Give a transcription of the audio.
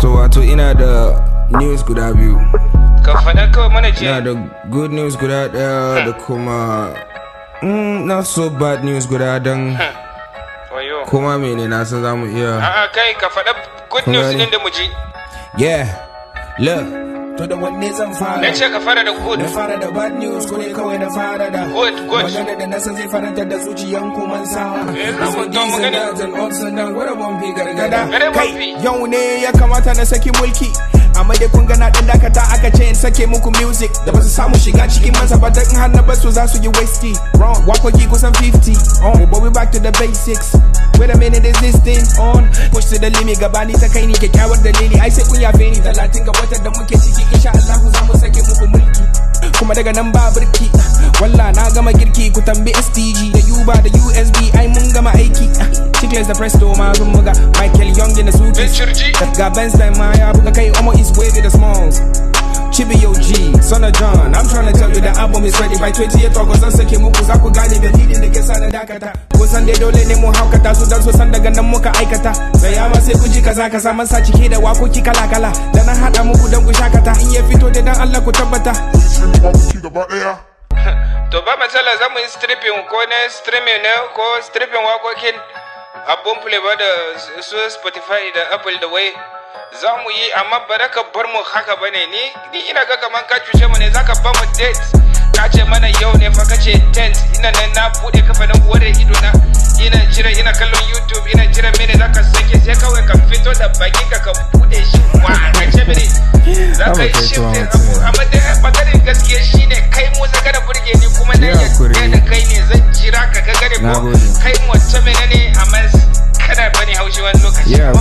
So wato ina the news guda biyu. you? faɗa the good news good out uh, there. ɗaya da kuma mm, not so bad news good out don kuma mene na san za mu iya. Ah, okay. Ah, kai good news in the mu Yeah, look. to da zan fara na ce da good fara da bad news ko ne kawai na fara da good good da na zai farantar da zuciyan ku sawa eh, don magana zan option dan gwada bombi gargada kai yau ne ya kamata na saki mulki amma dai kun gana dan dakata aka ce in sake muku music da basu samu shiga cikin mansa ba dan har na basu za su yi wasty wrong wakoki kusan 50 on but we back to the basics wait a minute is this thing on push to the limit gabani ta kai ni kyakkyawar dalili ai sai kun yafe ni 30 ga watan da muke ciki insha Allah za mu sake muku mulki kuma daga nan ba birki walla na gama girki ku tambi STG da Yuba da USB skills da my room I got Michael Young in the suit my ya buga kai Omo is wavy da smalls Chibi OG, son of John I'm trying to tell you the album is ready by 28 August da didin da ke sa na dakata Kusan dai dole ne mu haukata su dan su san muka aikata Zayama sai ku ji kaza kaza da wakoki kala kala Da na a muku dan ku shakata In ya fito da dan Allah ku tabbata to ba yi stripping ko ne ne ko stripping abun ba da su spotify da apple da wai za mu yi amma ba da ka bar mu haka ba ne ni ina ga kamar ka cuce mu ne za ka ba mu date ka ce mana yau ne fa ka ce tent ina nan na bude kafa kafanin uwar ido na ina jira ina kallon youtube ina jira mene za ka sake sai kawai ka fito da baki ka ka bude shi wa ka ce mene za ka yi shi amma da maganin gaskiya shine kai mu ka da burge ni kuma na yadda da kai ne zan jira ka ga gare ko Yeah.